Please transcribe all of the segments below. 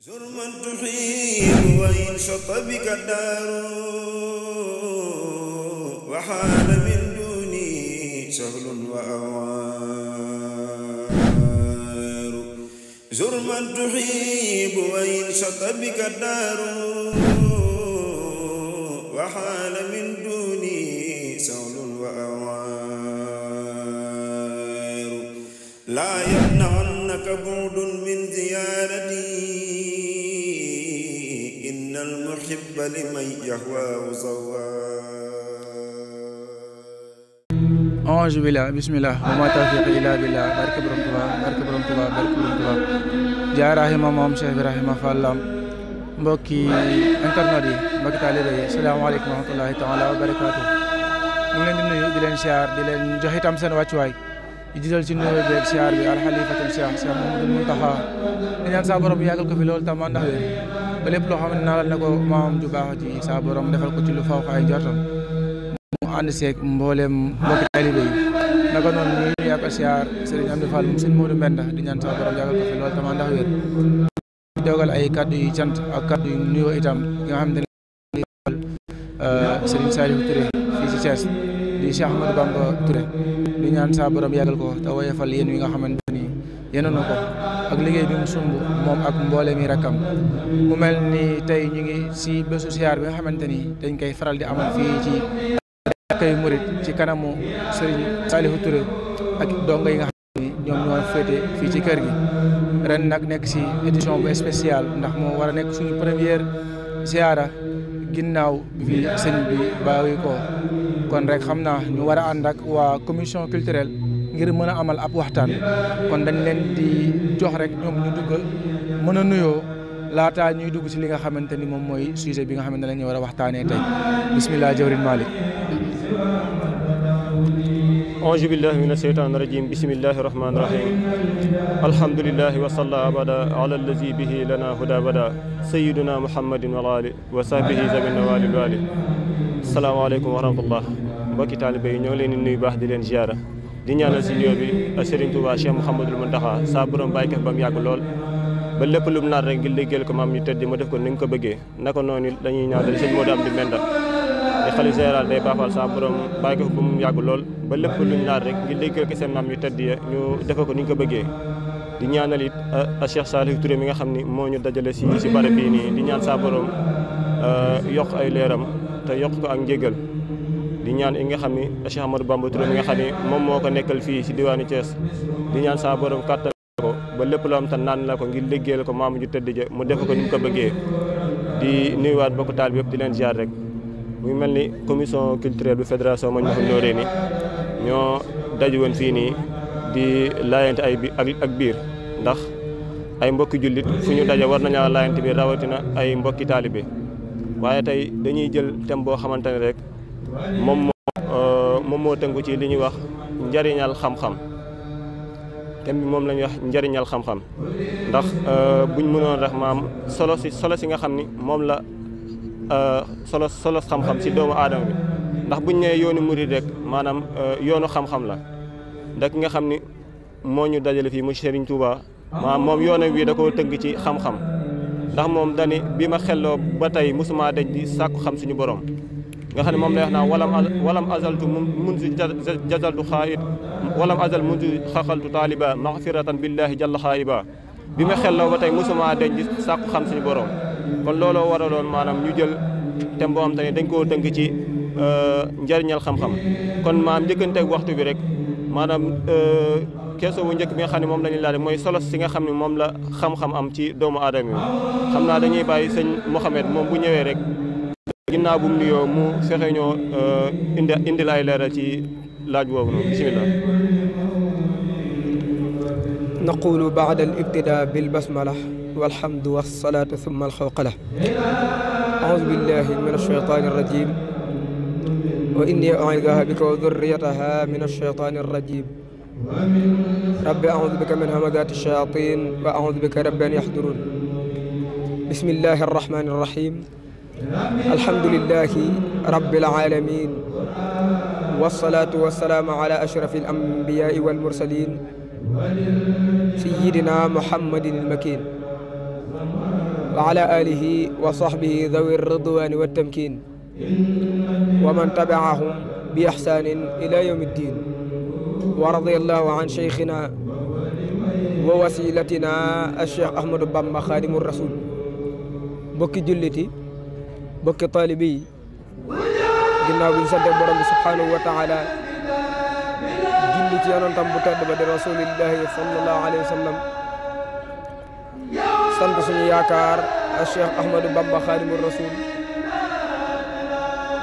زر من تحيل وإن شط بك الدار وحال من دوني شغل وأوار زر من تحيب وإن شط بك الدار وحال من دوني شغل وأوار لا يمنعنك بعد من زيارتي لمن يهواه سواء أعوذ بالله بسم الله وما توفيقي إلا بالله barke Borom Tuuba barke Borom Tuuba barke Borom Tuuba jaaraahima moom Cheikh Ibrahima Fallam mbokki internet yi mbokki taalibe yi salaamaaleykum wa rahmatullahi taala wa barakaatu ñu ngi leen di nuyu di leen siyaar di leen jox itam seen wàccuwaay di jiital ci nuyoo beeg siyaar bi alxalifatul Cheikh Cheikh Mamadou Muntaxa di ñaan saa borom yàggal ko fi loolu tam àndax wér ba lépp loo xam ne naalal na ko maam ju baax ji saa borom defal ko ci lu faw xaay njortam mu ànd seeg mbooleem mbokki taalibe yi naka noonu ñu ngi ak siyaar Serigne Amdi Fall moom sëñ Modou Mbenda di ñaan saa borom yàggal ko fi lool ay kaddu yu cant ak yu nuyoo itam nga xam ne Serigne Saliou Touré ñaan saa yàggal ko te woyefal yéen wi nga xamante ni yéene na ko ak liggéey bi mu sumb moom ak mbooleem yi rakkam mu mel nii tey ñu ngi si bésu siyaar bi nga xamante ni dañ koy faral di amal fii ci kanamu Serigne Saliou Touré ak dongo yi nga xam ni ñoom féete fii ci kër gi ren nag nekk si édition bu spéciale ndax moo war a nekk suñu première siyaara ginnaaw bi sëñ bi bàyyi ko kon rek xam naa ñu war a ànd ak waa commission culturelle ngir mën a amal ab waxtaan kon dañ leen di jox rek ñoom ñu dugg mën a nuyoo laataa ñuy dugg si li nga xamante ni moom mooy sujet bi nga xamante ne la ñu war a waxtaanee tey bisimilah jawrin Malick auzu billahi min asheytaan irajim bisimillahi rahmaani rahim alhamdulilahi wasalla abada ala allazi bihi lana huda bada sayiduna muhammadin wa ali wa sahbihi zamina walil wali asalaamaaleykum wa rahmatullah mbokki taalibe yi ñoo ngi leen di nuyu baax di leen ziara di ñaanal si nuyoo bi Serigne Touba Cheikh Mouhamadul Mountakha saa borom bàyyi mu yàgg lool ba lépp lu mu rek ngir liggéeyal ko maam ñu tëdd ma def ko ni ko bëggee naka noonu la ñuy ñaanal sëñ Modou Amdi Menda di saa borom bàyyi ko ba mu yàgg lool ba lépp lu mu naat rek ngir liggéeyal ko seen maam ñu tëdd ya ñu defe ko ni nga ko bëggee di ñaanal it ah, ah, Cheikh Salif ture mi nga xam ni moo ñu dajale si si barab bii nii di ñaan saa borom ah, yokk ay leeram te yokk ko ak njégal di ñaan yi nga xam ni Cheikh Bamba Touré mi nga xam moom moo ko nekkal fii si diwaanu Thiès di ñaan saa borom kàttan ko loo xam te naan la ko ngir liggéeyal ko maam ju tëdd ja mu def ko ni mu bëggee di nuyuwaat bokk taal bi yëpp di leen ziar rek mu mel ni commission culturelle bu fédération ma ñu ko nooree ñoo daj woon fii nii di laayante ay bi ak biir ndax ay mbokki jullit fu ñu daje war nañaa laayante bi rawatina ay mbokki taalibe waaye tey dañuy jël thème boo xamante ne rek moom moo euh, moom moo tënku ci li ñuy wax njariñal xam-xam thème bi moom la wax njariñal xam-xam ndax euh, buñ mënoon rek maam solo si solo si nga xam ni moom la euh, solo solo xam-xam si doomu aadama bi ndax buñ nee yoonu murid rek maanaam yoonu xam-xam la ndax ki nga xam ni moo ñu dajale fii mu Serigne Touba maanaam moom yoonam da koo tënk ci xam-xam moom dani bii ma xelloo ba tey mosuma daj di sàkku xam suñu borom nga xam ne moom lay wax naa walam walam azaltu mun si jazaltu xaayit walam azal mun si xaqaltu taaliba maxfiratan billahi jalla xaariba bi ma xelloo ba tey mosuma denc sàkku xam suñu borom kon looloo waraloon maanaam ñu jël thème boo xam dañ koo tënk ci euh, njariñal xam-xam kon maam njëkkanteeg waxtu bi rek maanaam euh, keesoo bu njëkk mi nga xam ne moom la ñu mooy solos si nga xam ne moom la xam-xam am ci doomu aadama yi xam naa dañuy bàyyi sëñ Mouhamed moom bu ñëwee rek ginnaaw bu mu nuyoo mu fexe ñoo euh, indi indi laay leeral ci laaj boobu noonu bisimilah naqulu baada al ibtida bil basmala walhamdu wasalaatu summa alxawqala aoudu billahi min alcheytan arrajim wa inni aidaha bika wa durriyataha min alcheytan arrajim rabbi aoudu bika min hamazati alchayatin wa aoudu bika rabbi an yaxdurun bismillahi arrahmani arrahim alhamdulilahi rabbil alamin wasalaatu wasalaamu ala ashrafil anbiyaai wal mursalin sayyidina muhammadin almakin wa ala alihi wa sahbihi dhawi ridwani wattamkin wa man tabiahum bi ihsanin ila yawmi ddin wa radiyallahu an sheykhina wa wasilatina alcheikh ahmadou bamba xaadimu rasul mbokki julliti bokki taalibe yi ginnaaw bi ñu subhaanahu wa taala julli ci yonantam bu tedd ba di rasulillahi sallallahu alayhi wa sallam sant suñu yaakaar a Cheikh Ahmadou Bamba Xaadimu Rasul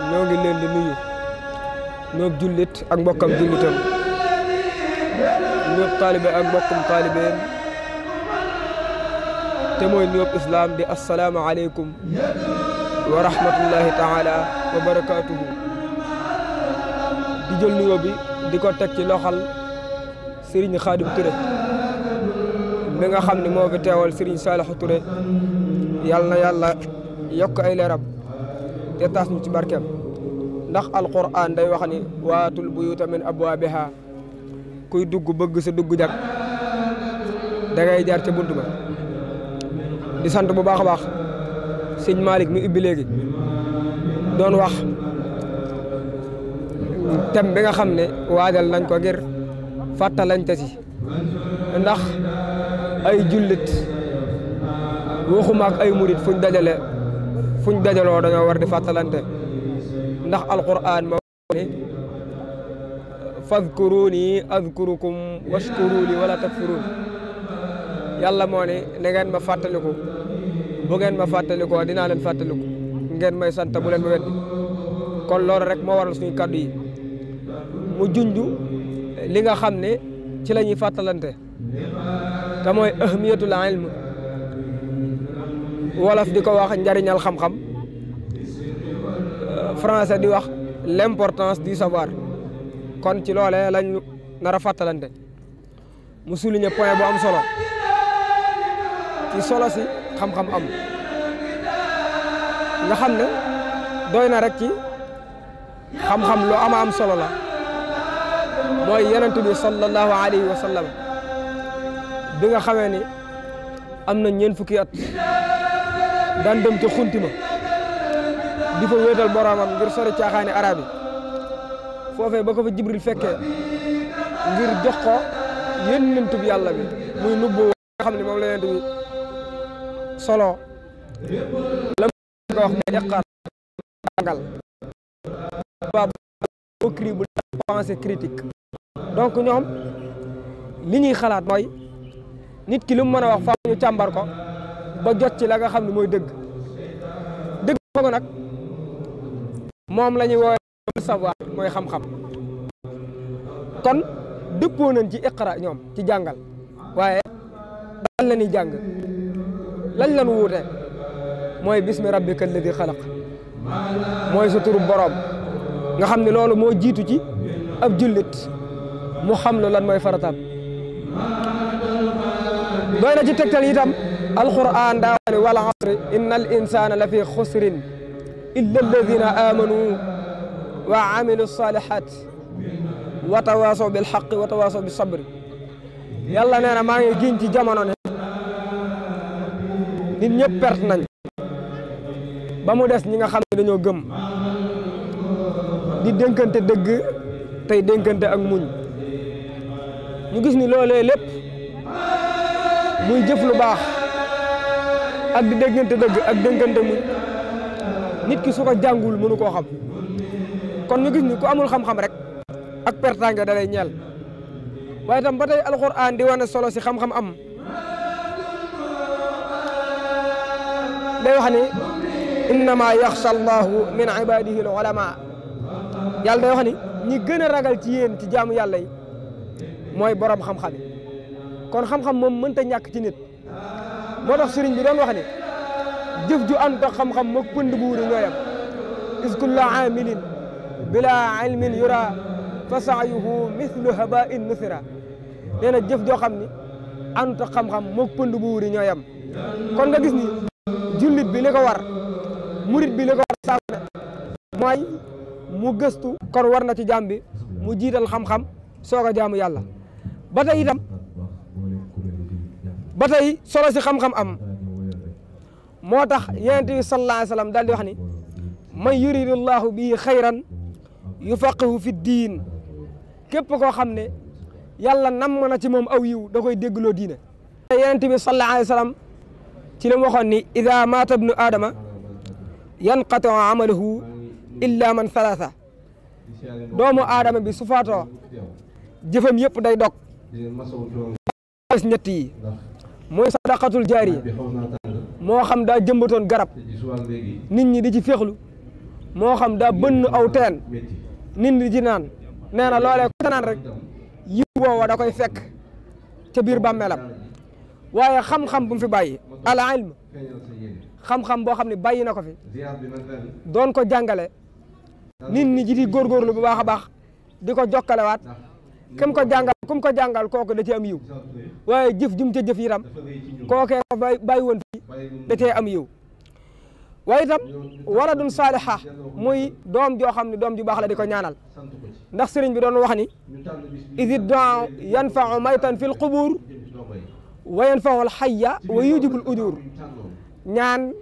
ñoo di nuyu ñoo jullit ak mbokkam jullitam ñoo taalibe ak mbokkum taalibeen te mooy nuyu islaam di asalaamaaleykum wa rahmatullahi taala wa barakaatuhu di jël nuyoo bi di ko teg ci loxal Serigne Khadim Touré mi nga xam ne moo fi teewal Serigne Salihou ture yàlla na yàlla yokk ay leeram te taas ñu ci barkeem ndax alquran day wax ni waatul buyuta min abwaabiha kuy dugg bëgg sa dugg jag da ngay jaar ca bunt ba di sant bu baax a baax. sëñ Malick mu ubbi léegi doon wax thème bi nga xam ne waajal nañ ko ngir fàttalante si ndax ay jullit waxuma ak ay murit fuñ dajale fuñ dajaloo dañoo war di fàttalante ndax alquran ma ne fadkuruni adkurukum washkuruni wala takfurun yàlla moo ne na ngeen ma fàttaliku bu ngeen ma fàttalikoo dinaa leen fàttaliku ngeen may sant bu leen ma weddi kon lool rek moo waral suñu kàddu yi mu junj li nga xam ne ci la ñuy fàttalante te mooy ahmiyatul ilm wolof di ko wax njariñal xam-xam français di wax l'importance du savoir kon ci loolee lañ nar a fàttalante mu souligner point bu am solo ci solo xam-xam am nga xam ne doy na rek ci xam-xam lu ama am solo la mooy yonent bi sallallahu alayhi wa sallam bi nga xamee ni am na ñeen fukki at daan dem ci xunti ma di fa wéetal boroomam ngir sori caaxaani arab foofee ba ko fa jibril fekkee ngir jox ko yonent bi yàlla bi muy nubbu nga xam ne moom la yonent solo la ko wax day def xaar ba cri bu pensée critique donc ñoom li ñuy xalaat mooy nit ki lu mën a wax faaw ñu càmbar ko ba jot ci la nga xam ne mooy dëgg dëgg foofu nag moom lañuy ñuy woowee savoir mooy xam-xam kon dëppoo nañ ci iqra ñoom ci jàngal waaye dal la ñuy jàng lañ lan wuute mooy bismi rabbika alladi xalaq mooy sa turu boroom nga xam ne loolu mooy jiitu ci ab jullit mu xam loo lan mooy farataam doy na ci tegtal itam alquran daa wax ne inna la fi xusrin illa alladina amanu maa ngi giñ ci ne nit ñëpp perte nañ ba mu des ñi nga xam ne dañoo gëm di dénkante dëgg tey dénkante ak muñ ñu gis ni loolee lépp muy jëf lu baax ak di dénkante dëgg ak dénkante muñ nit ki su ko jàngul mënu koo xam kon ñu gis ni ku amul xam-xam rek ak pertaange da lay waaye tam ba tey alxuraan di wane solo si xam-xam am day wax ni innama yaxsha allahu min ibadihi al ulama yàlla day wax ni ñi gën a ragal ci yéen ci jaamu yàlla mooy borom xam-xam yi kon xam-xam moom mënta ñàkk ci nit moo tax sëriñ bi doon wax ni jëf ju ànd ak xam-xam moog pënd buuru ñooyam iskulla amilin bila ilmin yura fa saayuhu mithlu haba in nusira nee na jëf joo xam ni ànd ak xam-xam moog pënd buuru ñooyam kon nga gis ni jullit bi li ko war murit bi li ko war saa mooy mu gëstu kon war na ci jaam bi mu jiital xam-xam soog a jaamu yàlla ba tey itam ba tey solo si xam-xam am moo tax yonent bi sallallahu daal di wax ni man yuridu llahu bihi xayran yufaqihu fi diin képp koo xam ne yàlla namm ci moom aw yiw da koy déggloo diine yonent bi sallallahu alayhi ci la mu waxoon ni ida maata bnu aadama yanqatiu amaluhu illa man salaasa doomu aadama bi su faatoo jëfam yëpp day dog yi mooy sadaqatul jaariya moo xam daa jëmbatoon garab nit ñi di ci féexlu moo xam daa bënn aw teen nit di ci naan nee na loolee ko naan rek yiw woowa da koy fekk ca biir bàmmeelam waaye xam-xam bu fi bàyyi al ilm xam-xam boo xam ne bàyyi na ko fi doon ko jàngale nit ñi ji di góorgóorlu bu baax a baax di ko jokkalewaat kem ko jàngal kum ko jàngal kooku da cee am yiw waaye jëf jum ca jëf yi kookee ko bàyyi woon fi da cee am yiw waaye itam waladun saaliha muy doom joo xam ne doom ji baax la di ko ñaanal ndax sëriñ bi doon wax ni isid doa yanfau maytan fil qubur wa yanfau alxaya wa yujibul ujuur ñaan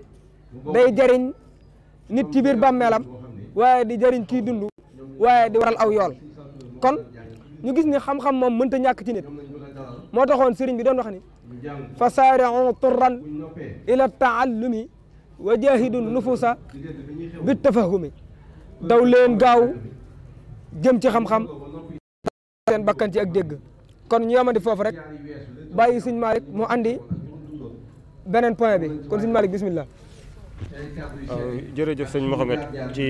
day jëriñ nit ci biir bàmmeelam di jariñ kii dund waaye di waral aw kon ñu gis ni xam-xam moom mënta ñàkk ci nit moo taxoon sëriñ bi doon wax ni fa saariu turran ila taallumi wa nufusa bi tafahumi daw leen gaaw jëm ci xam-xam seen bakkan ak dégg kon ñu yamandi foofu rek bàyyi suñ Malick mu andi beneen point bi kon sëñ Malick bismillah waaw ah, jërëjëf sëñ Mohamed ci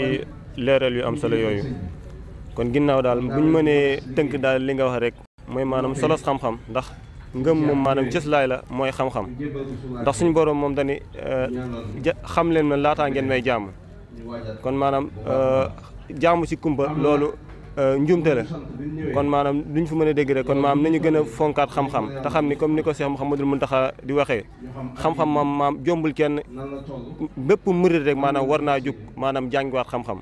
leeral yu am solo yooyu kon ginnaaw daal bu ñu mënee tënk daal li nga wax rek mooy maanaam solos xam-xam ndax ngëm moom maanaam cëslaay la mooy xam-xam ndax suñu boroom moom dañuy eh, xam leen na laataa ngeen may jaamu kon maanaam eh, jaamu ci kumba loolu Euh, njuumte la kon maanaam duñ fi mën a dégg rek kon maam nañu gën a fonkaat xam-xam te xam ni comme ni ko Cheikh Mouhamadul Mountakha di waxee xam-xam maam maam jombul kenn bépp murid rek maanaam war naa jug maanaam jàngiwaat xam-xam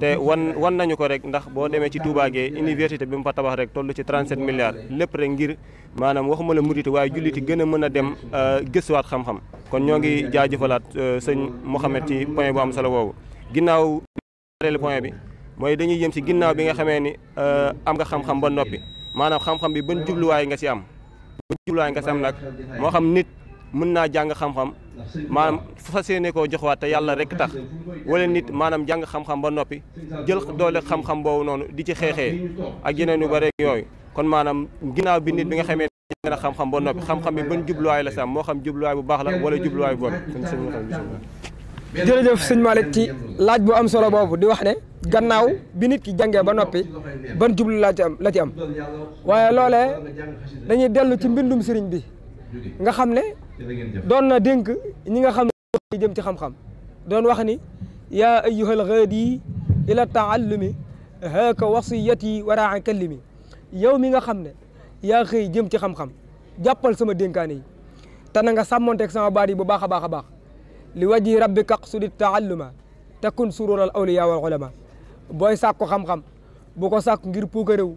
te wan wan nañu ko rek ndax boo demee ci Touba Gueye université bi mu fa tabax rek toll ci 37 milliards lépp rek ngir maanaam waxuma la murid waaye julliti gën a mën a dem euh, gëstuwaat xam-xam kon ñoo ngi jaajëfalaat euh, sëñ Mouhamed ci point bu am solo woowu ginnaaw point bi mooy dañuy jëm si ginnaaw bi nga xamee ni euh, am nga xam-xam ba noppi maanaam xam-xam bi ban jubluwaay nga si am ban jubluwaay nga si am moo xam nit mën naa jàng xam-xam maanaam fas yéene koo jox te yàlla rek tax wala nit maanaam jàng xam-xam ba noppi jël doole xam-xam boow noonu di ci xeexee ak yeneen yu rek yooyu kon maanaam ginnaaw bi nit bi nga xamee jàng na xam-xam ba noppi xam-xam bi ban jubluwaay la si am moo xam jubluwaay bu baax la wala jubluwaay bu bon jërëjëf boobu di wax ne gannaaw bi nit ki jàngee ba noppi ban jublu laa am la ci am waaye loolee dañuy dellu ci mbindum sëriñ bi nga xam ne doon na dénk ñi nga xam ne jëm ci xam-xam doon wax ni yaa ayyuhal ghaadi ila taallumi haaka wasiyati waraa kallimi yow mi nga xam ne yaa xëy jëm ci xam-xam jàppal sama dénkaane yi te na nga sàmmonteeg sama baat yi bu baax a baax a baax li waji rabbika aqsudi taalluma takun surural awliya wal ulama booy sàkku xam-xam bu ko sàkku ngir puukarewu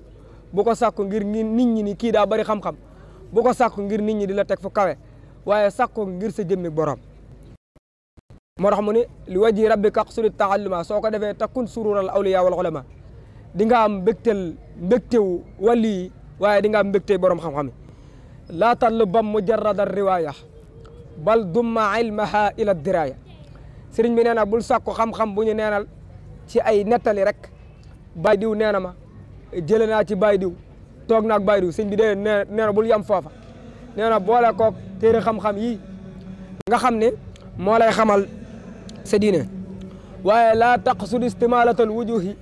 bu ko sàkku ngir nit ñi ni kii daa bari xam-xam bu ko sàkku ngir nit ñi di la teg fu kawe waaye sàkku ngir sa jëmmi borom. moo tax mu ne li waji rabbika xsudi taalluma soo ko defee takkun surural awliya wal ulama di nga am mbégteel mbégtewu wàlli waaye di nga am mbégtey borom xam-xam la laa tatlubam mujarrada riwaaya bal dumma ilmaha ila diraya sëriñ bi nee bul sàkku xam-xam bu ñu neenal ci ay nettali rek baay diw nee na ma jële naa ci baay diw toog naag baay diw sëñ bi dee nee bul yem foofa nee na boole koog téere xam yi nga xam ne moo lay xamal sa diine waaye laa taqsud istimalatal wujuhi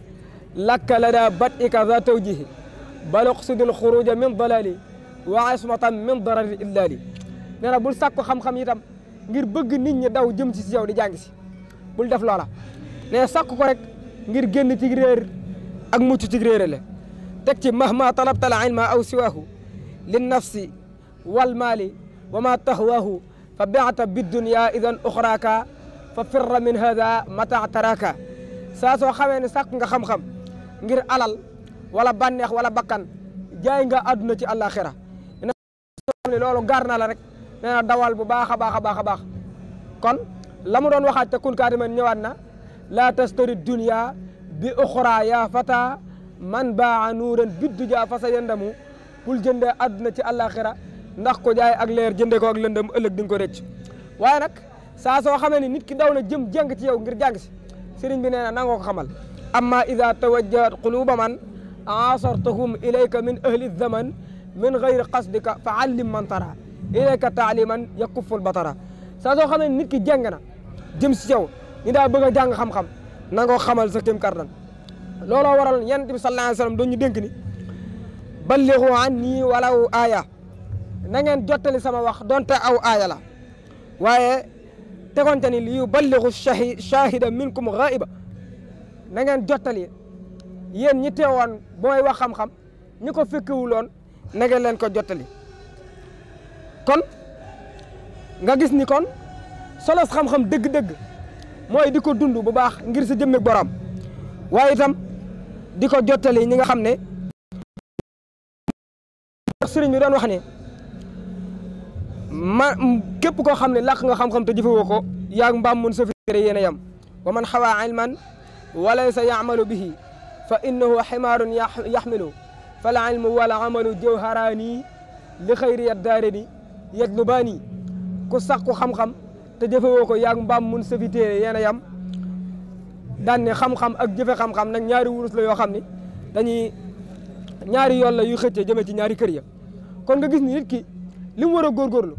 lakka la daa bat ika za tawjihi bal uqsudil xuruja min dalali wa ismatan min darari illali nee na bul sàkku xam yi tam ngir bëgg nit ñi daw jëm si si yow di jàng si bul def loola ne sàkku ko rek ngir génn ci réer ak mucc ci réere la teg ci mahma talabtal ilma aw siwaahu lin nafsi wal maali wa ma tahwaahu fa baata bidduniya idan oxraaka fa firra min hada mata taraka saa soo xamee ne sàkk nga xam-xam ngir alal wala bànneex wala bakkan jaay nga àdduna ci àllaaxira ne loolu gaar na la rek nee na dawal bu baax a baax a baax a baax kon la mu doon waxaat te kun kaadiman ñëwaat na laa tastari dunia bi uxra yaa fata man baa nuuran biddu jaa fasa yendamu bul jëndee àdduna ci àllaaxira ndax ko jaay ak leer jëndee ko ak lëndëm ëllëg di ko rëcc waaye nag saa soo xamee ni nit ki daw na jëm jàng ci yow ngir jàng si sëriñ bi nee na nangoo ko xamal amma ida tawajjahat quluba man asartahum ilayka min ahli zaman min gayri qasdika fa allim man tara ilayka taaliman yakuful batara saa soo xamee ni nit ki jàng na jëm si yow ñi daal bëgg a jàng xam-xam na ko xamal sa kéem kartan looloo waral yonent bi sallallahu alayhi wa sallam doon ñu dénk ni ballighu anni walaw aaya na ngeen jottali sama wax donte aw aaya la waaye tegonte ni li yuballighu shahida minkum ghaiba na ngeen jottali yéen ñi teewoon booy wax xam-xam ñi ko fekkiwuloon loon nangeen leen ko jottali kon nga gis ni kon solos xam-xam dëgg-dëgg mooy di ko dund bu baax ngir sa jëmmi borom waaye itam di ko jottali ñi nga xam ne sëriñ bi doon wax ne koo xam ne lakk nga xam-xam te jëfewoo ko yaag mbaam mun safiré yéen a yem wa man xawaa ilman walaysa yamalu bihi fa innahu ximaarun yaxmilu fala ilmu wala amalu jawharaani li xayri yaddaareni yatlubaani ku sàkku xam-xam te jëfewoo ko yaag mbaam mun safi téere yéen a yam daan ne xam-xam ak jëfe xam-xam nag ñaari wurus la yoo xam ni dañuy ñaari yoon la yuy xëccee jëmee ci ñaari kër ya kon nga gis ni nit ki li mu war a góorgóorlu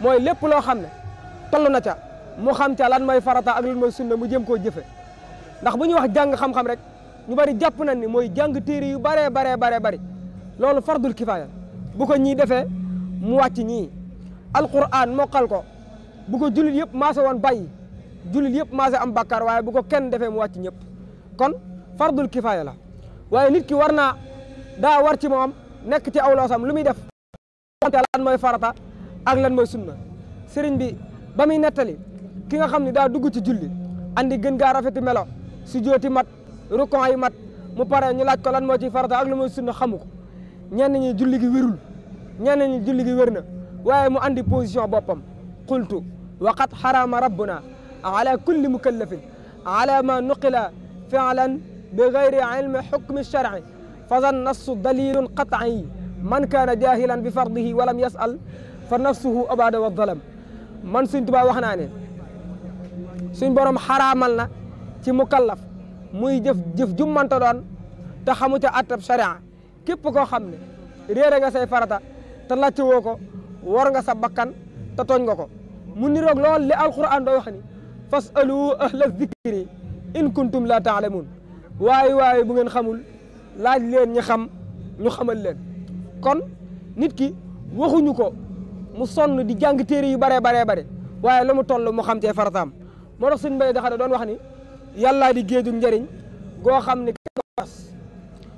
mooy lépp loo xam ne toll na ca mu xam ca lan mooy farata ak lan mooy sunna mu jëm koo jëfe ndax bu ñuy wax jàng xam-xam rek ñu bari jàpp nañ ni mooy jàng téere yu baree baree bare bari loolu fardul kifaaya bu ko ñii defee mu wàcc ñii alquran mokkal ko bu ko jullit yëpp maase woon bay jullit yëpp maase am bàkkaar waaye bu ko kenn defee mu wàcc ñëpp kon fardul kifaaya la waaye nit ki war naa daa war ci moom nekk ci awloosam lu muy def wante lan farata ak lan mooy sunna sëriñ bi ba muy nettali ki nga xam ne daa dugg ci julli andi gën gaa rafeti melo si jooti mat rukon yi mat mu pare ñu laaj ko lan moo ciy farata ak lu mooy sunna xamu ko ñenn ñi julli gi wérul ñenn ñi julli gi wér na waaye mu andi position boppam xultu waqad xarama rabbuna ala kulli mukallafin ala ma nuqila fi'lan bi gayri ilmi xukmi sharci fada nassu dalilun qat'i man kaana jahilan bi fardihi wa lam yas'al fa nafsuhu abada wa dalam man suñ tubaa wax naa ne suñ borom xaraamal na ci mukallaf muy jëf jëf jummanta doon te xamu ca attab sharia képp koo xam ne réere nga say farata te làcc woo ko war nga sa bakkan te tooñ nga ko mu niroog lool li alquran doo wax ni fasalu ahla zikri in kuntum la taalamuun waaye waaye bu ngeen xamul laaj leen ñi xam ñu xamal leen kon nit ki waxuñu ko mu sonn di jàng téere yu bare bare bare waaye la mu toll mu xam cee farataam moo tax suñ mbéy daxa doon wax ni yàllaa di géeju njëriñ goo xam ne kas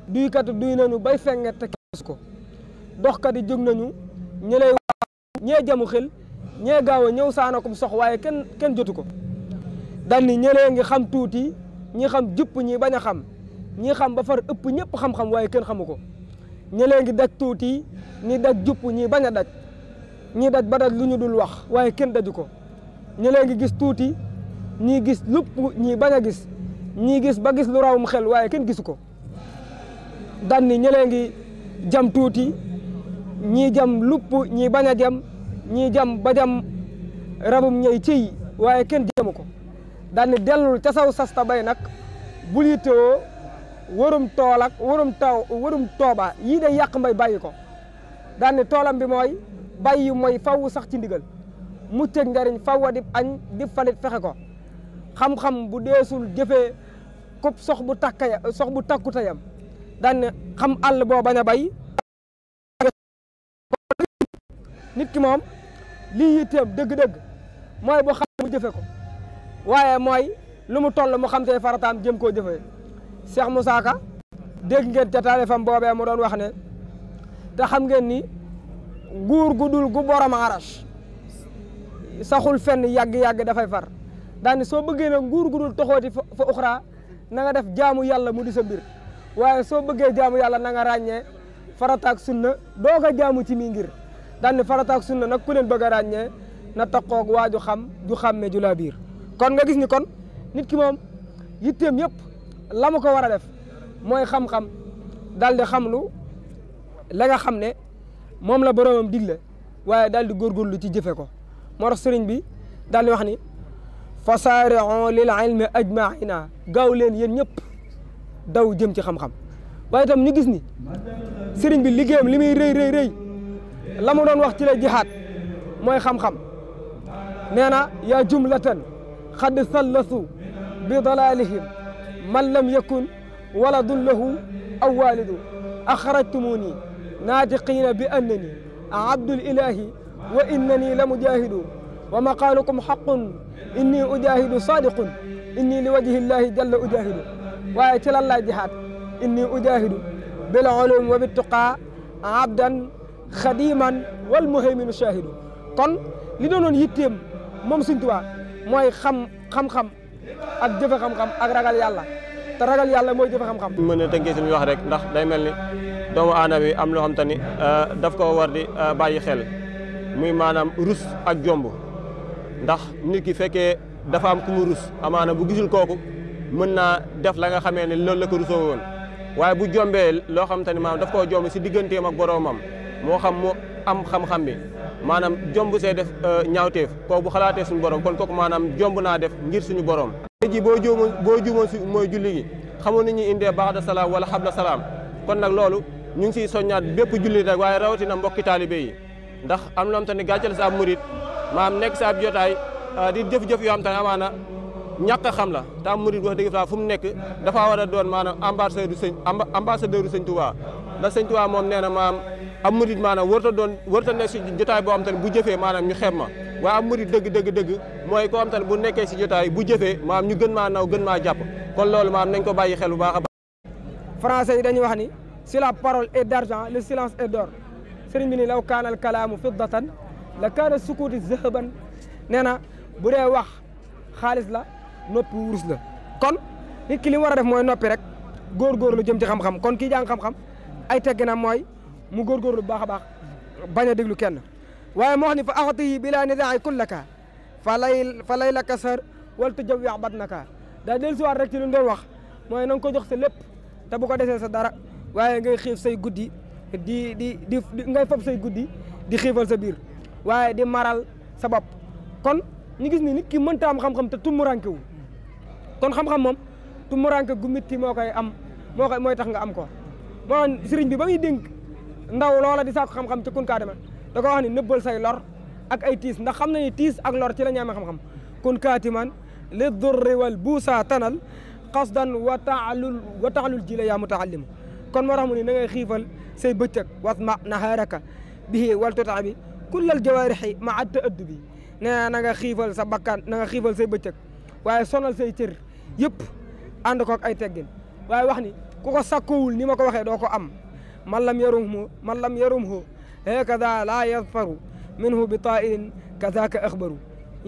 duy kat duy nañu bay fenget te ko dox kat yi jóg nañu ñi lay waa ñee jamu xel ñee gaaw a ñëw saana kum sox waaye kenn kenn jotu ko daan ni ngi xam tuuti ñi xam jupp ñi bañ a xam ñi xam ba far ëpp ñëpp xam-xam waaye kenn xamu ko ñëlee ngi daj tuuti ñi daj jupp ñi bañ a daj ñi daj ba daj lu ñu dul wax waaye kenn daju ko ñëlee ngi gis tuuti ñii gis lupp ñii bañ a gis ñii gis ba gis lu rawum xel waaye kenn gisu ko daan ni ngi jam tuuti ñii jam lupp ñii bañ a jam ñii jam bajam jam rabum ñëy ciy waaye kenn jamu ko daal ni dellul ca saw sasta bay nag bul yittewoo warum tool ak warum taw warum tooba yii day yàq mbay bàyyi ko daal ni toolam bi mooy bàyyi mooy faww sax ci ndigal mucc ak njariñ fawwa dib añ dib falit fexe ko xam-xam bu deesul jëfee kub sox bu takkaya sox bu yam daal ni xam àll boo bañ bay nit moom lii yitteem dëgg-dëgg mooy bu xam mu jëfe ko waaye mooy lu mu toll mu xam tey farataam jëm koo jëfe Cheikh mu saaka dégg ngeen ca taalifam boobee mu doon wax ne te xam ngeen ni nguur gu dul gu borom arash saxul fenn yàgg-yàgg dafay far daani soo bëggee nag nguur gu dul toxooti fa uxra na nga def jaamu yàlla mu di sa mbir waaye soo bëggee jaamu yàlla nanga ràññee farataak sunna doo ko jaamu ci mi ngir daan ne farataak sunna nag ku leen bëgg a na na taqoog waa ju xam ju xàmme ju laa biir kon nga gis ni kon nit ki moom yitteem yëpp la mu ko war a def mooy xam-xam daal di xam lu la nga xam ne moom la boroomam digle waaye dal di lu ci jëfe ko moo tax sëriñ bi daal di wax ni fa saari'u lil ilmi ajmaina gaaw leen yéen ñëpp daw jëm ci xam-xam waaye itam ñu gis ni sëriñ bi liggéeyam li muy rëy rëy la mu doon wax ci la jihaad mooy xam-xam nee na yaa jumlatan xad sallasu bi dalaalihim man lam yakun waladun lahu aw waalidu axrajtumuni naatiqiina bi annani abdul ilahi wa innani la mujahidu wa maqaalukum xaqun inni ujahidu sadiqun inni li wajhi llahi jalla ujahidu waaye ci lan laay jihaad inni ujahidu bil ulum wa bittuqaa abdan xadiman wal mu muhayminu shahidu kon li doonoon yitteem moom Sëñ Tuubaa mooy xam xam-xam ak jëfe xam-xam ak ragal yàlla te yàlla mooy jëfe xam-xam. mën a tënkee suñu wax rek ndax day mel ni doomu aadama bi am loo xam te ni euh, daf ko war di euh, bàyyi xel muy maanaam rus ak jomb ndax nit ki fekkee dafa am ku mu rus amaana bu gisul kooku mën naa def la nga xamee ne loolu la ko rusoo waaye bu jombee loo xam te ni maanaam daf koo jomb si digganteem ak boroomam. moo xam moo am xam-xam bi maanaam jomb see def euh, ñaawteef kooku bu xalaatee suñu borom kon kooku maanaam jomb naa def ngir suñu borom. tey jii boo juumoon boo juumoon si mooy julli gi xamoon ni ñuy indee baax da salaam wala xabla salaam kon nag loolu ñu ngi siy soññaat bépp julli rek waaye rawatina mbokki taalibe yi ndax am na am te ne gàcceel sa ab murit maam nekk sa ab jotaay euh, di jëf-jëf yoo xam te ne amaana ñàkk a xam la te am murit wax dëgg fa fu mu nekk dafa war a doon maanaam ambassadeur du sëñ ambassadeur du sëñ Tuubaa am murit maanaam warta doon warta nekk si jotaay boo xam te ne bu jëfee maanaam ñu xeeb ma waaye am murit dëgg dëgg dëgg mooy koo xam bu nekkee si jotaay bu jëfee maanaam ñu gën maa naw gën maa jàpp kon loolu maanaam nañ ko bàyyi xel bu baax a yi dañuy wax ni si la parole est d'argent le silence est d'or sëriñ bi ni law kaanal kalaamu fiddatan la kaana sukuuti zahaban nee na bu dee wax xaalis la noppi wurus la kon nit ki li war a def mooy noppi rek góorgóorlu jëm ci xam-xam kon kii jàng xam-xam ay tegginam mooy mu góorgóorlu lu baax a baax bañ a déglu kenn waaye moo xam ne fa axatihi bila nidaai kullaka fa lay fa lay laka sar wal tu jaw yax bat na naka daa del waar rek ci lu ñu wax mooy na nga ko jox sa lépp te bu ko desee sa dara waaye ngay xiif say guddi di di di ngay fob say guddi di xiifal sa biir waaye di maral sa bopp kon ñu gis ni nit ki mënta am xam-xam te tumuranke wu kon xam-xam moom tumuranke gu mitti moo koy am moo koy mooy tax nga am ko moo sëriñ bi ba muy ndaw loola di sàkku xam-xam ci kun kaadima da ko wax nëbbal say lor ak ay tiis ndax xam na ni tiis ak lor ci la ñu amee xam-xam kun kaatiman li durri wal buusa tanal qasdan wa taalul wa taalul jila yaa mutaallimu kon moo tax mu ne na ngay xiifal say bëccëg wasma nahaaraka bihi wal tutaa bi kullal jawaarixi ma atta ëdd bi nanga na na nga xiifal sa bakkan na nga xiifal say bëccëg waaye sonal say cër yëpp ànd koog ay teggin waaye wax ni ku ko sakkuwul ni ma ko waxee doo ko am من لم يرمه من لم يرمه هكذا لا يظفر منه بطائر كذاك أخبر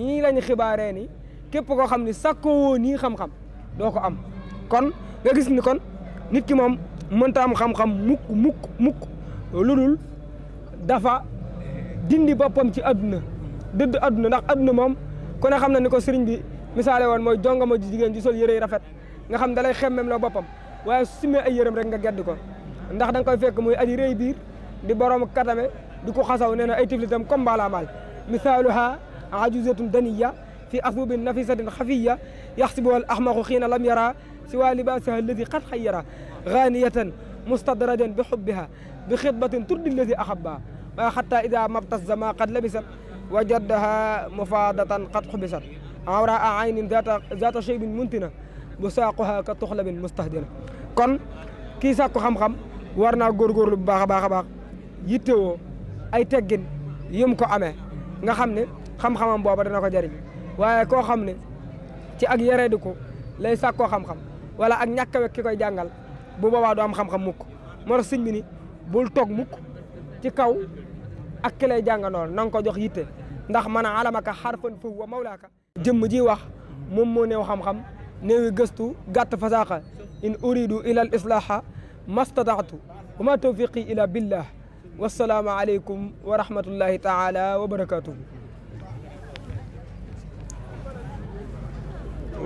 ñii lañ xibaaree ni képp koo xam ni sakkoo nii xam-xam doo ko am kon nga gis ni kon nit ki moom mënta am xam-xam muk mukk mukk lu dul dafa dindi boppam ci adduna dëdd adduna ndax adduna moom ku ne xam na ni ko sëriñ bi misaale woon mooy jongamo ji jigéen ji sol yëre yu rafet nga xam dalay xemmem la boppam waaye su ay yérem rek nga gedd ko ndax da nga koy fekk muy aji rëy biir di borom katame di ko xasaw nee na ay tiflitam comme mbaala maal misaaluha ajuzatun daniya fi asbubin nafisatin xafiya yaxsibuha al ahmaqu xiina lam yara siwa libaasiha alladi qad xayyara gaaniyatan mustadrajan bi xubbiha bi xitbatin turdi alladi axabba waaye xata ida mabtasama qad labisat wajadaha mufaadatan qad xubisat awraa aynin zata zata cheybin muntina bu saaquha ka tuxlabin mustahdina kon kii sàkku xam-xam war naa góorgóorlu bu baax a baax a baax yittewoo ay teggin yëm ko ame nga xam ne xam-xamam booba dana ko jariñ waaye koo xam ne ci ak yaree ko lay sàkkoo xam-xam wala ak ñàkk a wekk ki koy jàngal bu boobaa du am xam-xam mukk moo tax sëñ ni bul toog mukk ci kaw ak ki lay jàngandool na nga ko jox yitte ndax man a alamaka xarfan foofu wa mawlaaka jëmm ji wax moom moo néew xam-xam néewi gëstu gàtt fasaaxa in uridu ila islaaha mastataatu wa ma tawfiqi ila billah wasalaamu aleykum wa rahmatullahi taala wa barakatuhu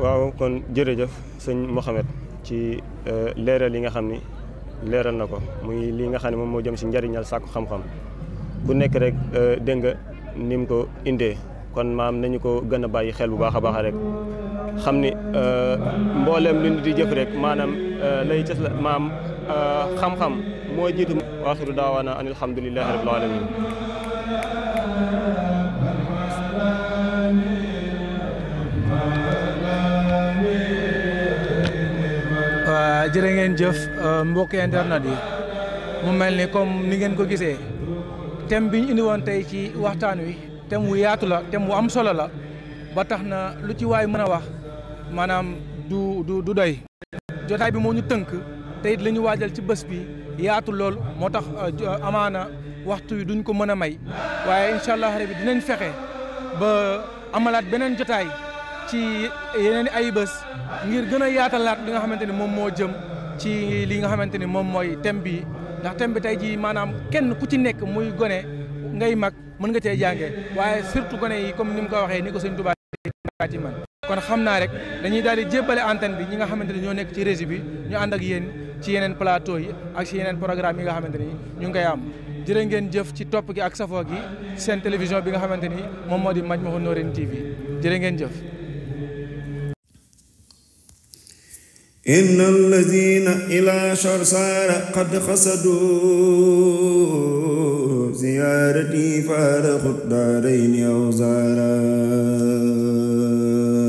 waaw kon jërëjëf sëñ Mohamed ci euh, leeral yi nga xam ni leeral na ko muy li nga xam ne moom moo jëm si njariñal sàkku xam-xam bu nekk rek euh, dégg nga ni ko indee kon maam nañu ko gën a bàyyi xel bu baax a baax rek xam ni euh, mboolem li ñu di jëf rek maanaam lay cës la maam Euh, xam-xam moo jiitu waaxiru daawaana an alhamdulilahi rabbil alamin jërë ngeen jëf euh, mbokki internet yi mu mel ni comme ni ngeen ko gisee thème bi ñu indi tey ci waxtaan wi thème wu yaatu la thème wu am solo la ba tax na lu ci waay mën a wax maanaam du du du doy jotaay bi moo ñu tënk te it li ñu waajal ci bés bi yaatu lool moo tax euh, euh, amaana waxtu wi duñ ko mën a may waaye incha allah rabbi dinañ fexe ba amalaat beneen jotaay ci yeneen ay bés ngir gën a yaatalaat li nga xamante ni moom moo jëm ci li nga xamante ni moom mooy thème bi ndax thème bi tey jii maanaam kenn ku ci nekk muy gone ngay mag mën nga cee jànge waaye surtout gone yi comme ni mu ko waxee ni ko sëñ Tuubaa ci man kon xam naa rek dañuy daal di jébbale antenne bi ñi nga xamante ni ñoo nekk ci régie bi ñu ànd yéen ci yeneen plateau yi ak ci yeneen programme yi nga xamante ni ñu ngi koy am jërë ngeen jëf ci topp gi ak safoo gi seen télévision bi nga xamante ni moom moo di Majmahun Nurayni TV jërë ngeen jëf إن الذين إلى شرسار قد خسدوا زيارتي فارقوا الدارين أوزارا